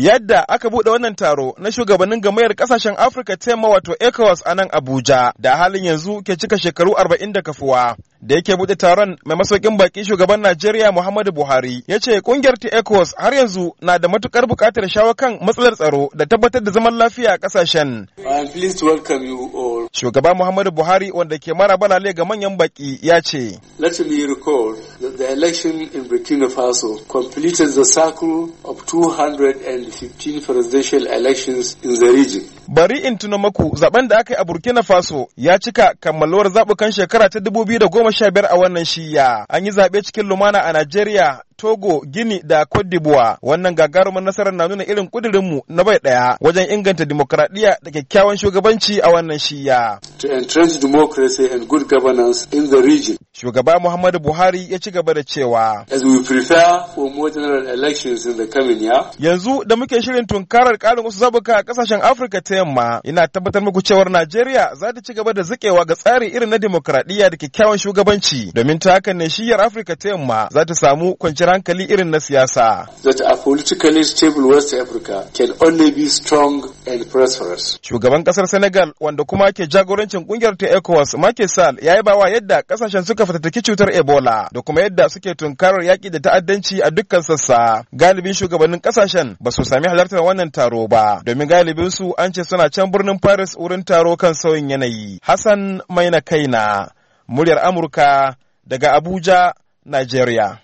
Yadda aka buɗe wannan taro na shugabannin gamayar ƙasashen Afirka tema wato ECOWAS a nan Abuja da halin yanzu ke cika shekaru arba'in da kafuwa. da yake buɗe taron mai masaukin baki shugaban Najeriya Muhammadu Buhari ya ce kungiyar ta ECOWAS har yanzu na da matukar buƙatar shawo kan matsalar tsaro da tabbatar da zaman lafiya a ƙasashen. Shugaba Muhammadu Buhari wanda ke mara balale ga manyan baki ya ce. Let me record that the election in Burkina Faso completed the circle of 215 presidential elections in the region. bari in tuna maku zaben da aka yi a burkina faso ya cika kammaluwar zabukan shekara ta 2015 a wannan shiya an yi zaɓe cikin lumana a najeriya Togo, Gini da Côte d'Ivoire. Wannan gagarumin nasarar na nuna irin kudirinmu na bai ɗaya wajen inganta dimokuraɗiyya da kyakkyawan shugabanci a wannan shiya. To entrench democracy and good governance in the region. Shugaba Muhammadu Buhari ya ci gaba da cewa. As we prepare for more general elections in the coming year. Yanzu da muke shirin tunkarar ƙarin wasu zabuka a kasashen Afirka ta yamma, ina tabbatar muku cewar Najeriya za ta ci gaba da zikewa ga tsari irin na dimokuraɗiyya da kyakkyawan shugabanci domin ta hakan ne shiyar Afirka ta yamma za ta samu kwanciyar hankali irin na siyasa. That a politically stable West Africa can only be strong and prosperous. Shugaban kasar Senegal wanda kuma ke jagorancin kungiyar ta ECOWAS Macky Sall ya yi bawa yadda kasashen suka fatattaki cutar Ebola da kuma yadda suke tunkarar yaki da ta'addanci a dukkan sassa. Galibin shugabannin kasashen ba su sami halartar wannan taro ba domin galibin su an ce suna can birnin Paris wurin taro kan sauyin yanayi. Hassan Maina Kaina, muryar Amurka daga Abuja, Nigeria.